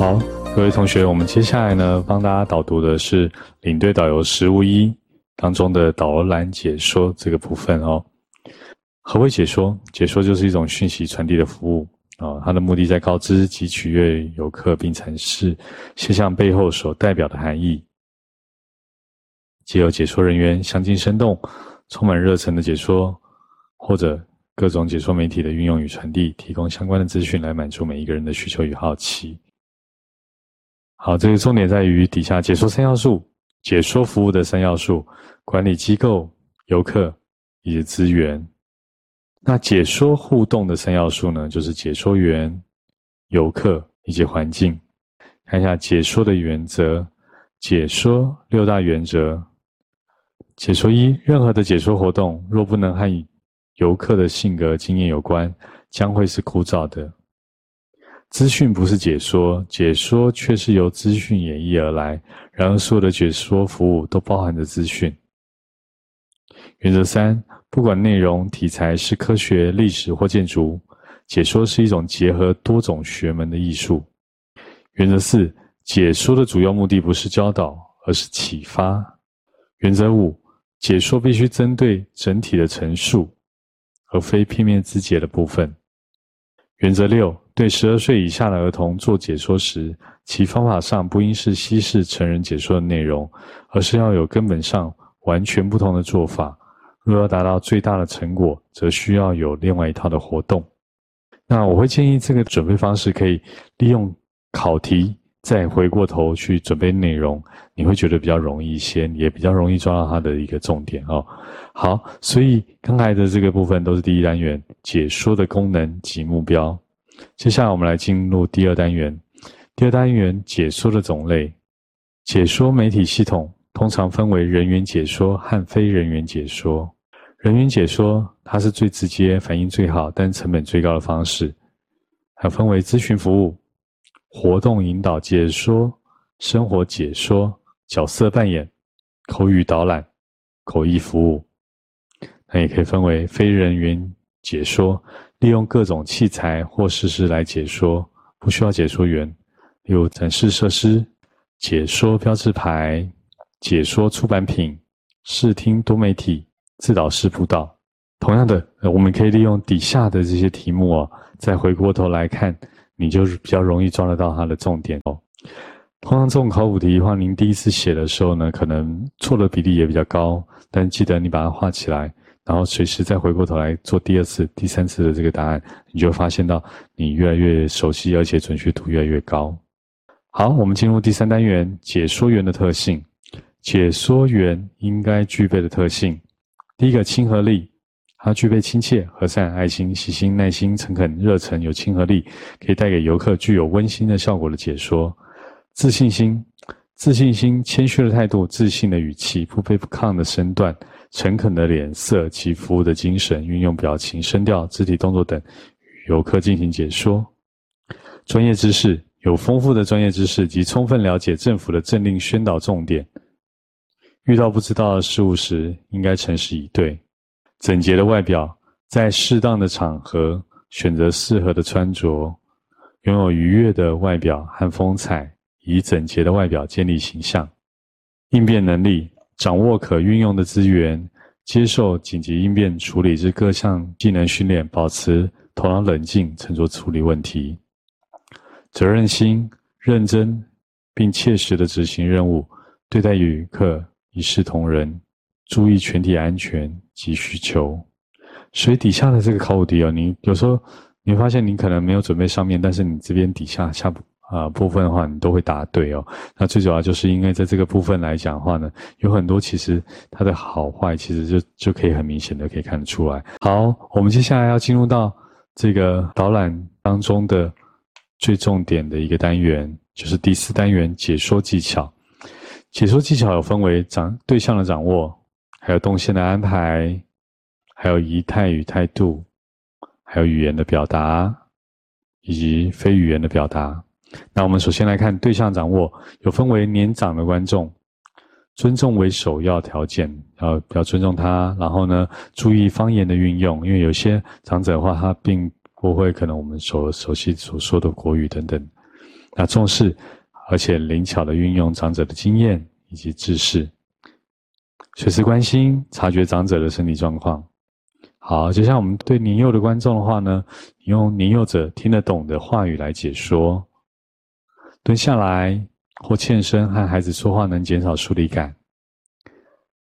好，各位同學，我們接下來呢，幫大家導讀的是領隊導遊實務一當中的導覽解說這個部分哦。何為解說？解說就是一種訊息傳遞的服務啊、哦，它的目的在告知及取悅遊客，並闡釋現象背後所代表的含義。藉由解說人員詳盡生動、充滿熱忱的解說，或者各種解說媒體的運用與傳遞，提供相關的資訊來滿足每一個人的需求與好奇。好，這個重點在於底下解說三要素，解說服務的三要素：管理機構、遊客以及資源。那解說互動的三要素呢？就是解說員、遊客以及環境。看一下解說的原則，解說六大原則。解說一：任何的解說活動，若不能和遊客的性格、經驗有關，將會是枯燥的。資訊不是解說，解說卻是由資訊演繹而來。然而，所有的解說服務都包含着資訊。原則三：不管內容題材是科學、歷史或建築，解說是一種結合多種學門的藝術。原則四：解說的主要目的不是教導，而是啟發。原則五：解說必須針對整體的陳述，而非片面之解的部分。原則六：對十二歲以下的兒童做解說時，其方法上不應是稀釋成人解說的內容，而是要有根本上完全不同的做法。若要達到最大的成果，則需要有另外一套的活動。那我會建議這個準備方式可以利用考題。再回過頭去準備內容，你會覺得比較容易一些，也比較容易抓到它的一個重點哦。好，所以剛才的這個部分都是第一單元解說的功能及目標。接下來我們來進入第二單元，第二單元解說的種類。解說媒體系統通常分為人員解說和非人員解說。人員解說它是最直接、反應最好，但成本最高的方式。還分為諮詢服務、活動引導解說、生活解說、角色扮演、口語導覽、口譯服務，那也可以分為非人員解說，利用各種器材或設施來解說，不需要解說員，例如展示設施、解說標誌牌、解說出版品、視聽多媒體、自導式步道。同樣的，我們可以利用底下的這些題目啊、哦，再回過頭來看。你就是比較容易抓得到它的重點哦。通常這種考古題的話，您第一次寫的時候呢，可能錯的比例也比較高，但記得你把它畫起來，然後隨時再回過頭來做第二次、第三次的這個答案，你就發現到你越來越熟悉，而且準確度越來越高。好，我們進入第三單元，解說員的特性。解說員應該具備的特性，第一個親和力。它具備親切、和善、愛心、細心、耐心、誠懇、熱忱、有親和力，可以帶給遊客具有溫馨的效果的解說。自信心、自信心、謙虛的態度、自信的語氣、不卑不亢的身段、誠懇的臉色，其服務的精神，運用表情、聲調、肢體動作等與遊客進行解說。專業知識，有豐富的專業知識及充分了解政府的政令宣導重點。遇到不知道的事物時，應該誠實以對。整潔的外表，在適當的場合選擇適合的穿着，擁有愉悅的外表和風采，以整潔的外表建立形象。應變能力，掌握可運用的資源，接受緊急應變處理之各項技能訓練，保持頭腦冷靜，沉着處理問題。責任心，認真，並切實的執行任務，對待旅客一視同仁。注意全體安全及需求，所以底下的這個考古題哦，你有時候你會發現你可能沒有準備上面，但是你這邊底下下部啊、呃、部分的話，你都會答對哦。那最主要就是因為在這個部分來講的話呢，有很多其實它的好壞，其實就就可以很明顯的可以看得出來。好，我們接下來要進入到這個導覽當中的最重點的一個單元，就是第四單元解說技巧。解說技巧有分為掌對象的掌握。還有動線的安排，還有儀態與態度，還有語言的表達，以及非語言的表達。那我們首先來看對象掌握，有分為年長的觀眾，尊重為首要條件，要要尊重他。然後呢，注意方言的運用，因為有些長者的話，他並不會可能我們所熟悉所說的國語等等。那重視，而且靈巧的運用長者的經驗以及知識。隨時關心，察覺長者的身體狀況。好，就像我們對年幼的觀眾的話呢，用年幼者聽得懂的話語來解說。蹲下來或欠身和孩子說話，能減少疏離感。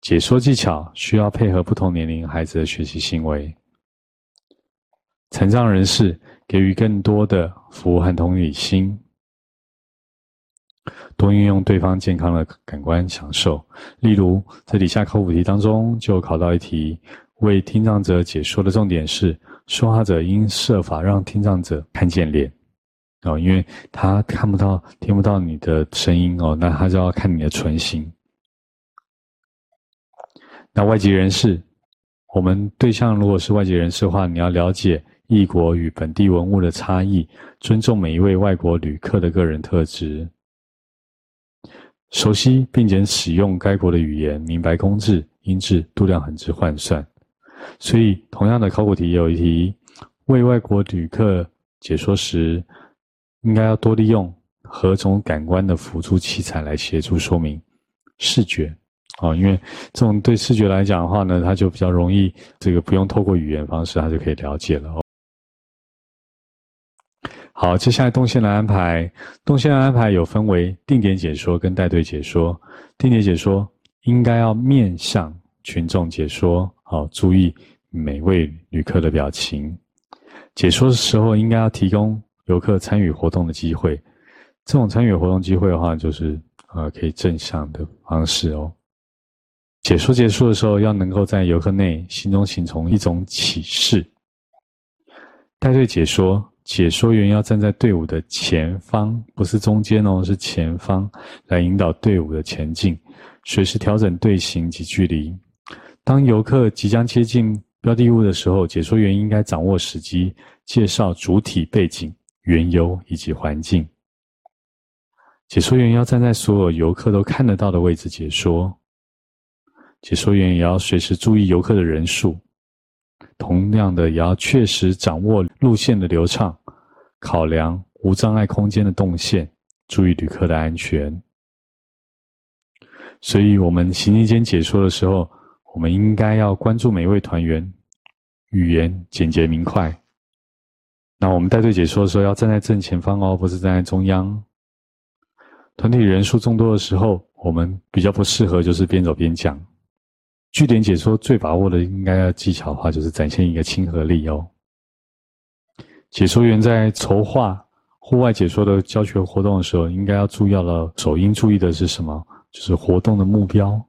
解說技巧需要配合不同年齡孩子的學習行為。殘障人士，給予更多的服務和同理心。多運用對方健康的感官享受，例如在底下考五題當中，就考到一題：為聽障者解說的重點是，說話者應設法讓聽障者看見臉哦，因為他看不到、聽不到你的聲音哦，那他就要看你的唇形。那外籍人士，我們對象如果是外籍人士的話，你要了解異國與本地文物的差異，尊重每一位外國旅客的個人特質。熟悉並且使用該國的語言，明白公制、英制、度量衡之換算。所以，同樣的考古題也有一題：為外國旅客解說時，應該要多利用何種感官的輔助器材來協助說明？視覺哦，因為這種對視覺來講的話呢，它就比較容易，這個不用透過語言方式，它就可以了解了哦。好，接下來動線的安排，動線的安排有分為定點解說跟帶隊解說。定點解說應該要面向群眾解說，好，注意每位旅客的表情。解說的時候應該要提供遊客參與活動的機會。這種參與活動機會的話，就是啊、呃、可以正向的方式哦。解說結束的時候，要能夠在遊客內心中形成一種啟示。帶隊解說。解說員要站在隊伍的前方，不是中間哦，是前方，來引導隊伍的前進，隨時調整隊形及距離。當遊客即將接近標的物的時候，解說員應該掌握時機，介紹主體背景、緣由以及環境。解說員要站在所有遊客都看得到的位置解說。解說員也要隨時注意遊客的人數。同樣的，也要確實掌握路線的流暢，考量無障礙空間的動線，注意旅客的安全。所以，我們行進間解說的時候，我們應該要關注每一位團員，語言簡潔明快。那我們帶隊解說的時候，要站在正前方哦，不是站在中央。團體人數眾多的時候，我們比較不適合就是邊走邊講。據點解說最把握的應該要技巧的話，就是展現一個親和力哦。解說員在籌劃戶外解說的教學活動的時候，應該要注意到了，首應注意的是什麼？就是活動的目標。